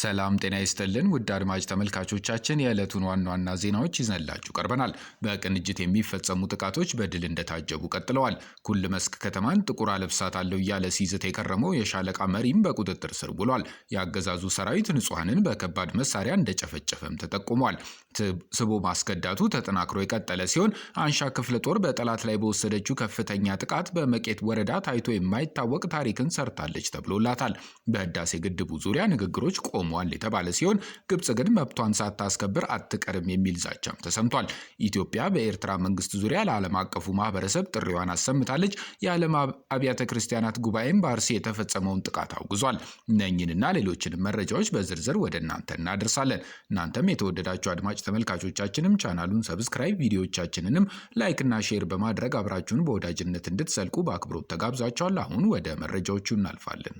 ሰላም ጤና ይስጥልን ውድ አድማጭ ተመልካቾቻችን የዕለቱን ዋና ዋና ዜናዎች ይዘንላችሁ ቀርበናል። በቅንጅት የሚፈጸሙ ጥቃቶች በድል እንደታጀቡ ቀጥለዋል። ኩል መስክ ከተማን ጥቁር አለው እያለ ሲዝት የከረመው የሻለቃ መሪም በቁጥጥር ስር ውሏል። የአገዛዙ ሰራዊት ንጹሐንን በከባድ መሳሪያ እንደጨፈጨፈም ተጠቁሟል። ስቦ ማስገዳቱ ተጠናክሮ የቀጠለ ሲሆን አንሻ ክፍለ ጦር በጠላት ላይ በወሰደችው ከፍተኛ ጥቃት በመቄት ወረዳ ታይቶ የማይታወቅ ታሪክን ሰርታለች ተብሎላታል። በህዳሴ ግድቡ ዙሪያ ንግግሮች ቆመዋል የተባለ ሲሆን ግብጽ ግን መብቷን ሳታስከብር አትቀርም የሚል ዛቻም ተሰምቷል። ኢትዮጵያ በኤርትራ መንግስት ዙሪያ ለዓለም አቀፉ ማህበረሰብ ጥሪዋን አሰምታለች። የዓለም አብያተ ክርስቲያናት ጉባኤም በአርሲ የተፈጸመውን ጥቃት አውግዟል። እነኝንና ሌሎችንም መረጃዎች በዝርዝር ወደ እናንተ እናደርሳለን። እናንተም የተወደዳችሁ አድማጭ ተመልካቾቻችንም ቻናሉን ሰብስክራይብ፣ ቪዲዮዎቻችንንም ላይክና ሼር በማድረግ አብራችሁን በወዳጅነት እንድትዘልቁ በአክብሮት ተጋብዛችኋል። አሁን ወደ መረጃዎቹ እናልፋለን።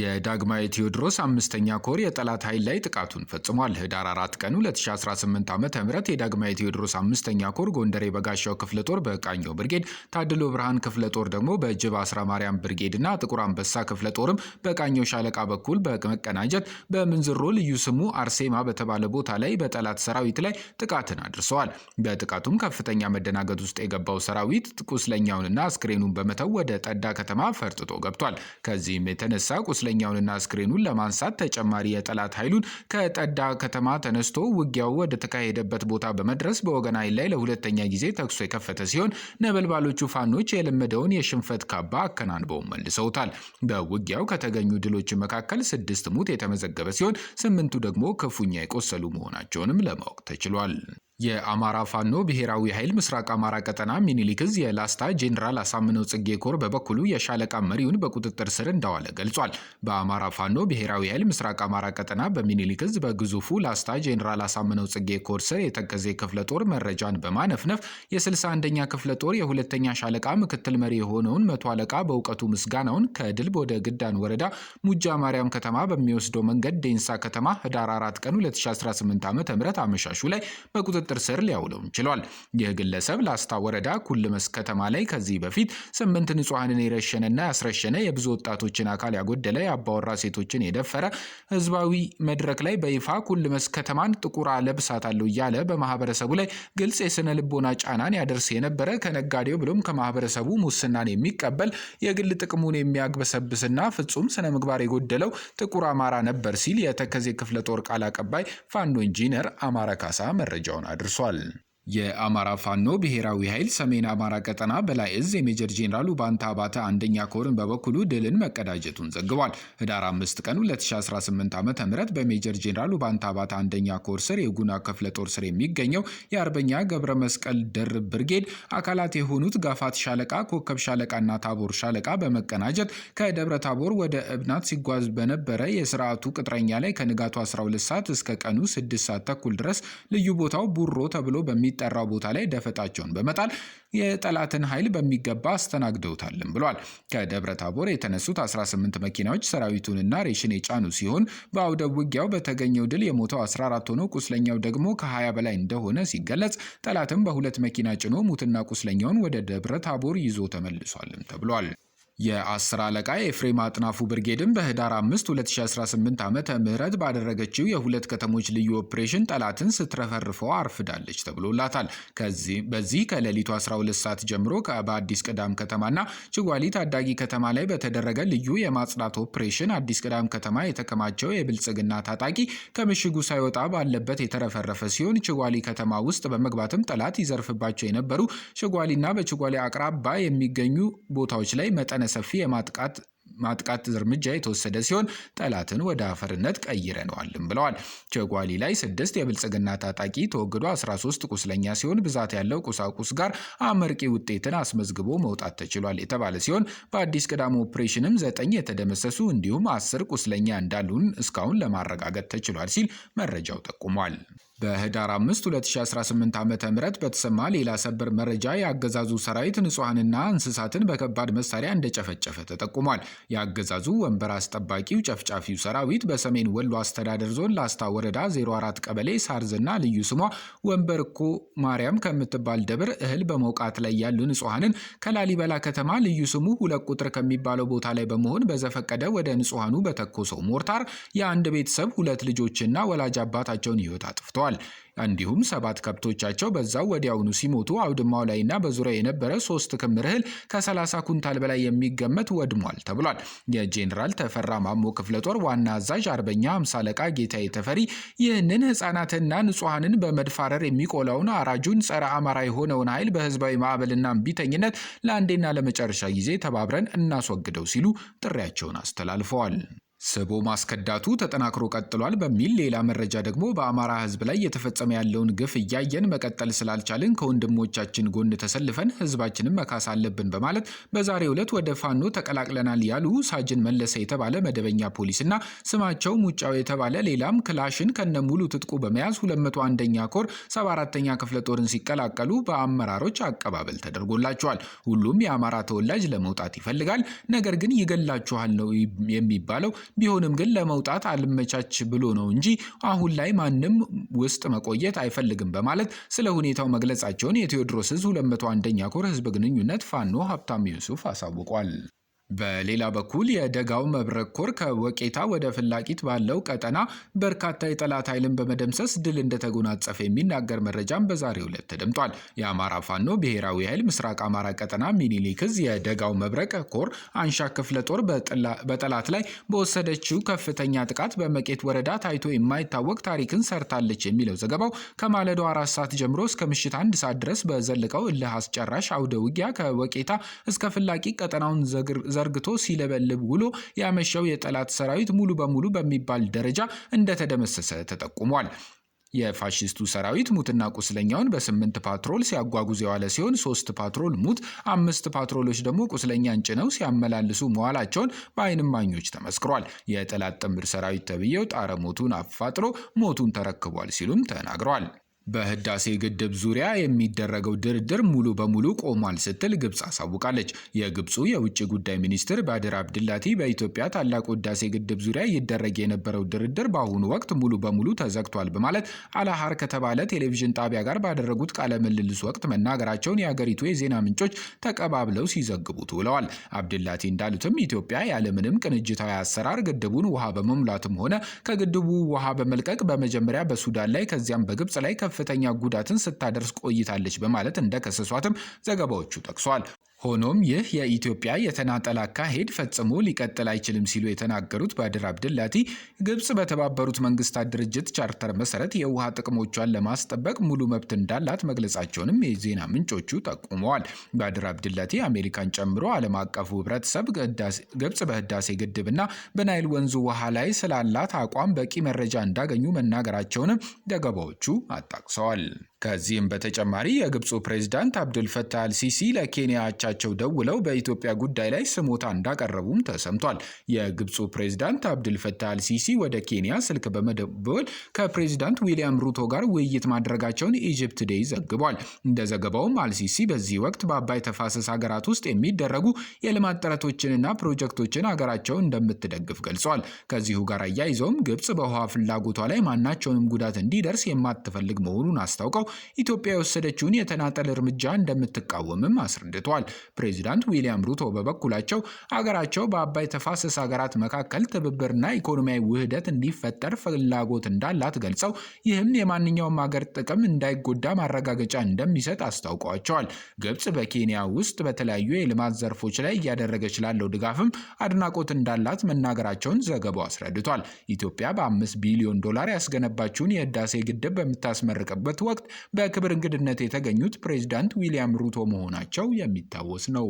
የዳግማዊ ቴዎድሮስ አምስተኛ ኮር የጠላት ኃይል ላይ ጥቃቱን ፈጽሟል። ህዳር 4 ቀን 2018 ዓ ም የዳግማዊ ቴዎድሮስ አምስተኛ ኮር ጎንደር በጋሻው ክፍለ ጦር በቃኘው ብርጌድ፣ ታድሎ ብርሃን ክፍለ ጦር ደግሞ በእጅብ አስራ ማርያም ብርጌድ እና ጥቁር አንበሳ ክፍለ ጦርም በቃኘው ሻለቃ በኩል በመቀናጀት በምንዝሮ ልዩ ስሙ አርሴማ በተባለ ቦታ ላይ በጠላት ሰራዊት ላይ ጥቃትን አድርሰዋል። በጥቃቱም ከፍተኛ መደናገጥ ውስጥ የገባው ሰራዊት ቁስለኛውንና አስክሬኑን በመተው ወደ ጠዳ ከተማ ፈርጥጦ ገብቷል። ከዚህም የተነሳ ቁስለኛውንና አስክሬኑን ለማንሳት ተጨማሪ የጠላት ኃይሉን ከጠዳ ከተማ ተነስቶ ውጊያው ወደ ተካሄደበት ቦታ በመድረስ በወገን ኃይል ላይ ለሁለተኛ ጊዜ ተኩሶ የከፈተ ሲሆን ነበልባሎቹ ፋኖች የለመደውን የሽንፈት ካባ አከናንበው መልሰውታል። በውጊያው ከተገኙ ድሎች መካከል ስድስት ሙት የተመዘገበ ሲሆን ስምንቱ ደግሞ ክፉኛ የቆሰሉ መሆናቸውንም ለማወቅ ተችሏል። የአማራ ፋኖ ብሔራዊ ኃይል ምስራቅ አማራ ቀጠና ሚኒሊክዝ የላስታ ጄኔራል አሳምነው ጽጌ ኮር በበኩሉ የሻለቃ መሪውን በቁጥጥር ስር እንዳዋለ ገልጿል። በአማራ ፋኖ ብሔራዊ ኃይል ምስራቅ አማራ ቀጠና በሚኒሊክዝ በግዙፉ ላስታ ጄኔራል አሳምነው ጽጌ ኮር ስር የተከዜ ክፍለ ጦር መረጃን በማነፍነፍ የ61ኛ ክፍለ ጦር የሁለተኛ ሻለቃ ምክትል መሪ የሆነውን መቶ አለቃ በእውቀቱ ምስጋናውን ከድል ወደ ግዳን ወረዳ ሙጃ ማርያም ከተማ በሚወስደው መንገድ ዴንሳ ከተማ ህዳር 4 ቀን 2018 ዓ ም አመሻሹ ላይ በቁጥጥር በቁጥጥር ስር ሊያውለውም ችሏል። ይህ ግለሰብ ላስታ ወረዳ ኩልመስ ከተማ ላይ ከዚህ በፊት ስምንት ንጹሐንን የረሸነና ያስረሸነ የብዙ ወጣቶችን አካል ያጎደለ የአባወራ ሴቶችን የደፈረ ህዝባዊ መድረክ ላይ በይፋ ኩልመስ ከተማን ጥቁር አለብሳታለሁ እያለ በማህበረሰቡ ላይ ግልጽ የስነ ልቦና ጫናን ያደርስ የነበረ ከነጋዴው ብሎም ከማህበረሰቡ ሙስናን የሚቀበል የግል ጥቅሙን የሚያግበሰብስና ፍጹም ስነ ምግባር የጎደለው ጥቁር አማራ ነበር ሲል የተከዜ ክፍለ ጦር ቃል አቀባይ ፋንዶ ኢንጂነር አማራ ካሳ መረጃውን Personal. የአማራ ፋኖ ብሔራዊ ኃይል ሰሜን አማራ ቀጠና በላይ እዝ የሜጀር ጄኔራሉ ባንታ አባተ አንደኛ ኮርን በበኩሉ ድልን መቀዳጀቱን ዘግቧል። ህዳር 5 ቀን 2018 ዓ ም በሜጀር ጄኔራሉ ባንታ አባተ አንደኛ ኮር ስር የጉና ክፍለ ጦር ስር የሚገኘው የአርበኛ ገብረ መስቀል ደር ብርጌድ አካላት የሆኑት ጋፋት ሻለቃ፣ ኮከብ ሻለቃና ታቦር ሻለቃ በመቀናጀት ከደብረ ታቦር ወደ እብናት ሲጓዝ በነበረ የስርዓቱ ቅጥረኛ ላይ ከንጋቱ 12 ሰዓት እስከ ቀኑ 6 ሰዓት ተኩል ድረስ ልዩ ቦታው ቡሮ ተብሎ በሚ በሚጠራው ቦታ ላይ ደፈጣቸውን በመጣል የጠላትን ኃይል በሚገባ አስተናግደውታልም ብሏል። ከደብረ ታቦር የተነሱት 18 መኪናዎች ሰራዊቱንና ሬሽን የጫኑ ሲሆን በአውደ ውጊያው በተገኘው ድል የሞተው 14 ሆኖ ቁስለኛው ደግሞ ከ20 በላይ እንደሆነ ሲገለጽ ጠላትም በሁለት መኪና ጭኖ ሙትና ቁስለኛውን ወደ ደብረ ታቦር ይዞ ተመልሷልም ተብሏል። የአስር አለቃ የፍሬም አጥናፉ ብርጌድም በህዳር 5 2018 ዓመተ ምህረት ባደረገችው የሁለት ከተሞች ልዩ ኦፕሬሽን ጠላትን ስትረፈርፈው አርፍዳለች ተብሎላታል። በዚህ ከሌሊቱ 12 ሰዓት ጀምሮ በአዲስ ቅዳም ከተማና ችጓሊ ታዳጊ ከተማ ላይ በተደረገ ልዩ የማጽዳት ኦፕሬሽን አዲስ ቅዳም ከተማ የተከማቸው የብልጽግና ታጣቂ ከምሽጉ ሳይወጣ ባለበት የተረፈረፈ ሲሆን ችጓሊ ከተማ ውስጥ በመግባትም ጠላት ይዘርፍባቸው የነበሩ ችጓሊና በችጓሊ አቅራባ የሚገኙ ቦታዎች ላይ መጠነ ሰፊ የማጥቃት ማጥቃት እርምጃ የተወሰደ ሲሆን ጠላትን ወደ አፈርነት ቀይረነዋልም ብለዋል። ቸጓሊ ላይ ስድስት የብልጽግና ታጣቂ ተወግዶ 13 ቁስለኛ ሲሆን ብዛት ያለው ቁሳቁስ ጋር አመርቂ ውጤትን አስመዝግቦ መውጣት ተችሏል የተባለ ሲሆን በአዲስ ቅዳም ኦፕሬሽንም ዘጠኝ የተደመሰሱ እንዲሁም አስር ቁስለኛ እንዳሉን እስካሁን ለማረጋገጥ ተችሏል ሲል መረጃው ጠቁሟል። በህዳር 5 2018 ዓ ም በተሰማ ሌላ ሰበር መረጃ የአገዛዙ ሰራዊት ንጹሐንና እንስሳትን በከባድ መሳሪያ እንደጨፈጨፈ ተጠቁሟል። የአገዛዙ ወንበር አስጠባቂው ጨፍጫፊው ሰራዊት በሰሜን ወሎ አስተዳደር ዞን ላስታ ወረዳ 04 ቀበሌ ሳርዝና ልዩ ስሟ ወንበርኮ ማርያም ከምትባል ደብር እህል በመውቃት ላይ ያሉ ንጹሐንን ከላሊበላ ከተማ ልዩ ስሙ ሁለት ቁጥር ከሚባለው ቦታ ላይ በመሆን በዘፈቀደ ወደ ንጹሐኑ በተኮሰው ሞርታር የአንድ ቤተሰብ ሁለት ልጆችና ወላጅ አባታቸውን ህይወት አጥፍተዋል። ተገኝተዋል። እንዲሁም ሰባት ከብቶቻቸው በዛው ወዲያውኑ ሲሞቱ አውድማው ላይና በዙሪያ የነበረ ሶስት ክምር እህል ከ30 ኩንታል በላይ የሚገመት ወድሟል ተብሏል። የጄኔራል ተፈራ ማሞ ክፍለ ጦር ዋና አዛዥ አርበኛ ሃምሳ አለቃ ጌታዬ ተፈሪ ይህንን ህጻናትና ንጹሐንን በመድፋረር የሚቆላውን አራጁን ጸረ አማራ የሆነውን ኃይል በህዝባዊ ማዕበልና እምቢተኝነት ለአንዴና ለመጨረሻ ጊዜ ተባብረን እናስወግደው ሲሉ ጥሪያቸውን አስተላልፈዋል። ስቦ ማስከዳቱ ተጠናክሮ ቀጥሏል በሚል ሌላ መረጃ ደግሞ በአማራ ህዝብ ላይ እየተፈጸመ ያለውን ግፍ እያየን መቀጠል ስላልቻልን ከወንድሞቻችን ጎን ተሰልፈን ህዝባችንን መካስ አለብን በማለት በዛሬው ዕለት ወደ ፋኖ ተቀላቅለናል ያሉ ሳጅን መለሰ የተባለ መደበኛ ፖሊስ እና ስማቸው ሙጫው የተባለ ሌላም ክላሽን ከነሙሉ ትጥቁ በመያዝ 201ኛ ኮር 74ኛ ክፍለ ጦርን ሲቀላቀሉ በአመራሮች አቀባበል ተደርጎላቸዋል። ሁሉም የአማራ ተወላጅ ለመውጣት ይፈልጋል፣ ነገር ግን ይገላችኋል ነው የሚባለው። ቢሆንም ግን ለመውጣት አልመቻች ብሎ ነው እንጂ አሁን ላይ ማንም ውስጥ መቆየት አይፈልግም በማለት ስለ ሁኔታው መግለጻቸውን የቴዎድሮስ ዕዝ 201ኛ ኮር ህዝብ ግንኙነት ፋኖ ሀብታም ዩሱፍ አሳውቋል። በሌላ በኩል የደጋው መብረቅ ኮር ከወቄታ ወደ ፍላቂት ባለው ቀጠና በርካታ የጠላት ኃይልን በመደምሰስ ድል እንደተጎናጸፈ የሚናገር መረጃም በዛሬው ዕለት ተደምጧል። የአማራ ፋኖ ብሔራዊ ኃይል ምስራቅ አማራ ቀጠና ሚኒሊክዝ የደጋው መብረቅ ኮር አንሻ ክፍለ ጦር በጠላት ላይ በወሰደችው ከፍተኛ ጥቃት በመቄት ወረዳ ታይቶ የማይታወቅ ታሪክን ሰርታለች የሚለው ዘገባው ከማለዶ አራት ሰዓት ጀምሮ እስከ ምሽት አንድ ሰዓት ድረስ በዘለቀው እልህ አስጨራሽ አውደ ውጊያ ከወቄታ እስከ ፍላቂ ቀጠናውን ዘርግቶ ሲለበልብ ውሎ ያመሸው የጠላት ሰራዊት ሙሉ በሙሉ በሚባል ደረጃ እንደተደመሰሰ ተጠቁሟል። የፋሽስቱ ሰራዊት ሙትና ቁስለኛውን በስምንት ፓትሮል ሲያጓጉዝ የዋለ ሲሆን ሶስት ፓትሮል ሙት፣ አምስት ፓትሮሎች ደግሞ ቁስለኛን ጭነው ሲያመላልሱ መዋላቸውን በዓይን እማኞች ተመስክሯል። የጠላት ጥምር ሰራዊት ተብዬው ጣረ ሞቱን አፋጥሮ ሞቱን ተረክቧል ሲሉም ተናግረዋል። በህዳሴ ግድብ ዙሪያ የሚደረገው ድርድር ሙሉ በሙሉ ቆሟል ስትል ግብፅ አሳውቃለች። የግብፁ የውጭ ጉዳይ ሚኒስትር ባድር አብድላቲ በኢትዮጵያ ታላቁ ህዳሴ ግድብ ዙሪያ ይደረግ የነበረው ድርድር በአሁኑ ወቅት ሙሉ በሙሉ ተዘግቷል በማለት አልአሃር ከተባለ ቴሌቪዥን ጣቢያ ጋር ባደረጉት ቃለ ምልልስ ወቅት መናገራቸውን የአገሪቱ የዜና ምንጮች ተቀባብለው ሲዘግቡት ውለዋል። አብድላቲ እንዳሉትም ኢትዮጵያ ያለምንም ቅንጅታዊ አሰራር ግድቡን ውሃ በመሙላትም ሆነ ከግድቡ ውሃ በመልቀቅ በመጀመሪያ በሱዳን ላይ ከዚያም በግብፅ ላይ ከፍ ከፍተኛ ጉዳትን ስታደርስ ቆይታለች በማለት እንደከሰሷትም ዘገባዎቹ ጠቅሷል። ሆኖም ይህ የኢትዮጵያ የተናጠል አካሄድ ፈጽሞ ሊቀጥል አይችልም ሲሉ የተናገሩት ባድር አብድላቲ ግብጽ በተባበሩት መንግስታት ድርጅት ቻርተር መሰረት የውሃ ጥቅሞቿን ለማስጠበቅ ሙሉ መብት እንዳላት መግለጻቸውንም የዜና ምንጮቹ ጠቁመዋል። ባድር አብድላቲ አሜሪካን ጨምሮ ዓለም አቀፉ ህብረተሰብ ግብጽ በህዳሴ ግድብና በናይል ወንዙ ውሃ ላይ ስላላት አቋም በቂ መረጃ እንዳገኙ መናገራቸውንም ዘገባዎቹ አጣቅሰዋል። ከዚህም በተጨማሪ የግብፁ ፕሬዝዳንት አብዱልፈታ ፈታህ አልሲሲ ለኬንያ አቻቸው ደውለው በኢትዮጵያ ጉዳይ ላይ ስሞታ እንዳቀረቡም ተሰምቷል። የግብፁ ፕሬዝዳንት አብዱልፈታ አልሲሲ ወደ ኬንያ ስልክ በመደወል ከፕሬዝዳንት ዊሊያም ሩቶ ጋር ውይይት ማድረጋቸውን ኢጅፕት ዴይ ዘግቧል። እንደ ዘገባውም አልሲሲ በዚህ ወቅት በአባይ ተፋሰስ ሀገራት ውስጥ የሚደረጉ የልማት ጥረቶችንና ፕሮጀክቶችን ሀገራቸው እንደምትደግፍ ገልጿል። ከዚሁ ጋር አያይዘውም ግብፅ በውሃ ፍላጎቷ ላይ ማናቸውንም ጉዳት እንዲደርስ የማትፈልግ መሆኑን አስታውቀው ኢትዮጵያ የወሰደችውን የተናጠል እርምጃ እንደምትቃወምም አስረድተዋል። ፕሬዚዳንት ዊሊያም ሩቶ በበኩላቸው አገራቸው በአባይ ተፋሰስ ሀገራት መካከል ትብብርና ኢኮኖሚያዊ ውህደት እንዲፈጠር ፍላጎት እንዳላት ገልጸው ይህም የማንኛውም ሀገር ጥቅም እንዳይጎዳ ማረጋገጫ እንደሚሰጥ አስታውቀዋቸዋል። ግብጽ በኬንያ ውስጥ በተለያዩ የልማት ዘርፎች ላይ እያደረገች ላለው ድጋፍም አድናቆት እንዳላት መናገራቸውን ዘገባው አስረድቷል። ኢትዮጵያ በአምስት ቢሊዮን ዶላር ያስገነባችውን የህዳሴ ግድብ በምታስመርቅበት ወቅት በክብር እንግድነት የተገኙት ፕሬዚዳንት ዊሊያም ሩቶ መሆናቸው የሚታወስ ነው።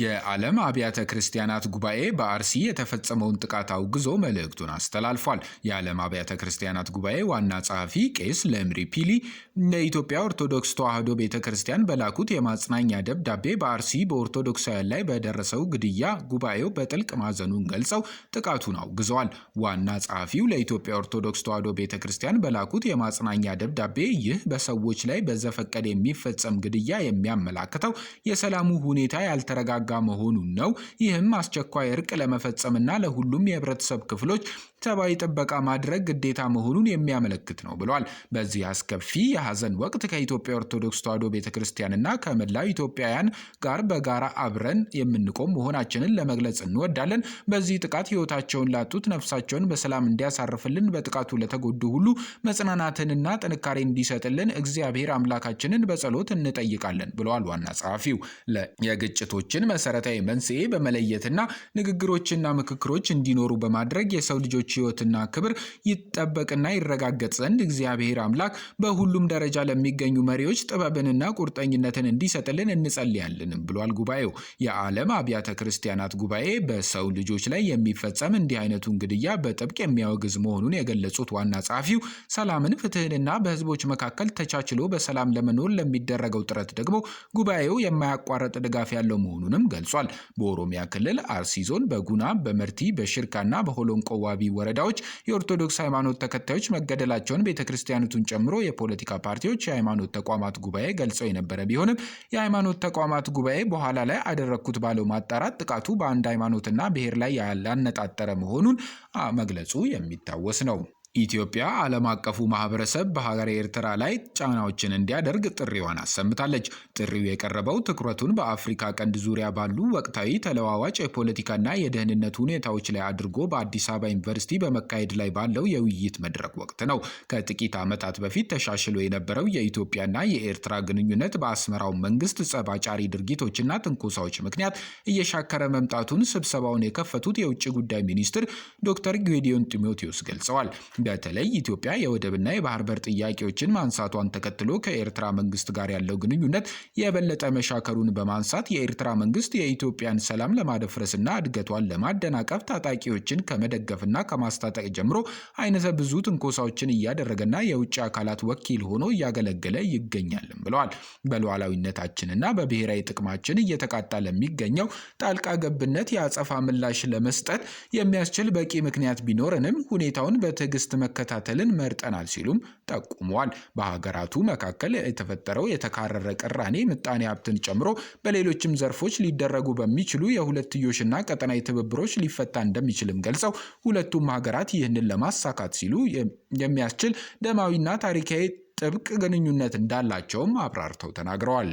የዓለም አብያተ ክርስቲያናት ጉባኤ በአርሲ የተፈጸመውን ጥቃት አውግዞ መልእክቱን አስተላልፏል። የዓለም አብያተ ክርስቲያናት ጉባኤ ዋና ጸሐፊ ቄስ ለምሪ ፒሊ ለኢትዮጵያ ኦርቶዶክስ ተዋሕዶ ቤተ ክርስቲያን በላኩት የማጽናኛ ደብዳቤ በአርሲ በኦርቶዶክሳውያን ላይ በደረሰው ግድያ ጉባኤው በጥልቅ ማዘኑን ገልጸው ጥቃቱን አውግዘዋል። ዋና ጸሐፊው ለኢትዮጵያ ኦርቶዶክስ ተዋሕዶ ቤተ ክርስቲያን በላኩት የማጽናኛ ደብዳቤ ይህ በሰዎች ላይ በዘፈቀደ የሚፈጸም ግድያ የሚያመላክተው የሰላሙ ሁኔታ ያልተረጋ የተረጋጋ መሆኑን ነው። ይህም አስቸኳይ እርቅ ለመፈጸምና ለሁሉም የህብረተሰብ ክፍሎች ሰብአዊ ጥበቃ ማድረግ ግዴታ መሆኑን የሚያመለክት ነው ብሏል። በዚህ አስከፊ የሐዘን ወቅት ከኢትዮጵያ ኦርቶዶክስ ተዋሕዶ ቤተ ክርስቲያንና ከመላው ኢትዮጵያውያን ጋር በጋራ አብረን የምንቆም መሆናችንን ለመግለጽ እንወዳለን። በዚህ ጥቃት ህይወታቸውን ላጡት ነፍሳቸውን በሰላም እንዲያሳርፍልን፣ በጥቃቱ ለተጎዱ ሁሉ መጽናናትንና ጥንካሬ እንዲሰጥልን እግዚአብሔር አምላካችንን በጸሎት እንጠይቃለን ብለዋል ዋና ጸሐፊው። የግጭቶችን መሰረታዊ መንስኤ በመለየትና ንግግሮችና ምክክሮች እንዲኖሩ በማድረግ የሰው ልጆች ህይወትና ክብር ይጠበቅና ይረጋገጥ ዘንድ እግዚአብሔር አምላክ በሁሉም ደረጃ ለሚገኙ መሪዎች ጥበብንና ቁርጠኝነትን እንዲሰጥልን እንጸልያለን ብሏል ጉባኤው። የዓለም አብያተ ክርስቲያናት ጉባኤ በሰው ልጆች ላይ የሚፈጸም እንዲህ አይነቱን ግድያ በጥብቅ የሚያወግዝ መሆኑን የገለጹት ዋና ጸሐፊው ሰላምን፣ ፍትህንና በህዝቦች መካከል ተቻችሎ በሰላም ለመኖር ለሚደረገው ጥረት ደግሞ ጉባኤው የማያቋረጥ ድጋፍ ያለው መሆኑንም መሆኑንም ገልጿል። በኦሮሚያ ክልል አርሲ ዞን በጉና በመርቲ በሽርካና በሆሎንቆ ዋቢ ወረዳዎች የኦርቶዶክስ ሃይማኖት ተከታዮች መገደላቸውን ቤተ ጨምሮ የፖለቲካ ፓርቲዎች የሃይማኖት ተቋማት ጉባኤ ገልጸው የነበረ ቢሆንም የሃይማኖት ተቋማት ጉባኤ በኋላ ላይ አደረግኩት ባለው ማጣራት ጥቃቱ በአንድ ሃይማኖትና ብሔር ላይ ያላነጣጠረ መሆኑን መግለጹ የሚታወስ ነው። ኢትዮጵያ ዓለም አቀፉ ማህበረሰብ በሀገር ኤርትራ ላይ ጫናዎችን እንዲያደርግ ጥሪዋን አሰምታለች። ጥሪው የቀረበው ትኩረቱን በአፍሪካ ቀንድ ዙሪያ ባሉ ወቅታዊ ተለዋዋጭ የፖለቲካና የደህንነት ሁኔታዎች ላይ አድርጎ በአዲስ አበባ ዩኒቨርሲቲ በመካሄድ ላይ ባለው የውይይት መድረክ ወቅት ነው። ከጥቂት ዓመታት በፊት ተሻሽሎ የነበረው የኢትዮጵያና የኤርትራ ግንኙነት በአስመራው መንግስት ጸባጫሪ ድርጊቶችና ትንኮሳዎች ምክንያት እየሻከረ መምጣቱን ስብሰባውን የከፈቱት የውጭ ጉዳይ ሚኒስትር ዶክተር ጌዲዮን ጢሞቴዎስ ገልጸዋል። በተለይ ኢትዮጵያ የወደብና የባህር በር ጥያቄዎችን ማንሳቷን ተከትሎ ከኤርትራ መንግስት ጋር ያለው ግንኙነት የበለጠ መሻከሩን በማንሳት የኤርትራ መንግስት የኢትዮጵያን ሰላም ለማደፍረስና እድገቷን ለማደናቀፍ ታጣቂዎችን ከመደገፍና ከማስታጠቅ ጀምሮ አይነተ ብዙ ትንኮሳዎችን እያደረገና የውጭ አካላት ወኪል ሆኖ እያገለገለ ይገኛልም ብለዋል። በሉዓላዊነታችንና በብሔራዊ ጥቅማችን እየተቃጣ ለሚገኘው ጣልቃ ገብነት የአጸፋ ምላሽ ለመስጠት የሚያስችል በቂ ምክንያት ቢኖረንም ሁኔታውን በትዕግስት መንግስት መከታተልን መርጠናል ሲሉም ጠቁመዋል። በሀገራቱ መካከል የተፈጠረው የተካረረ ቅራኔ ምጣኔ ሀብትን ጨምሮ በሌሎችም ዘርፎች ሊደረጉ በሚችሉ የሁለትዮሽና ቀጠናዊ ትብብሮች ሊፈታ እንደሚችልም ገልጸው ሁለቱም ሀገራት ይህንን ለማሳካት ሲሉ የሚያስችል ደማዊና ታሪካዊ ጥብቅ ግንኙነት እንዳላቸውም አብራርተው ተናግረዋል።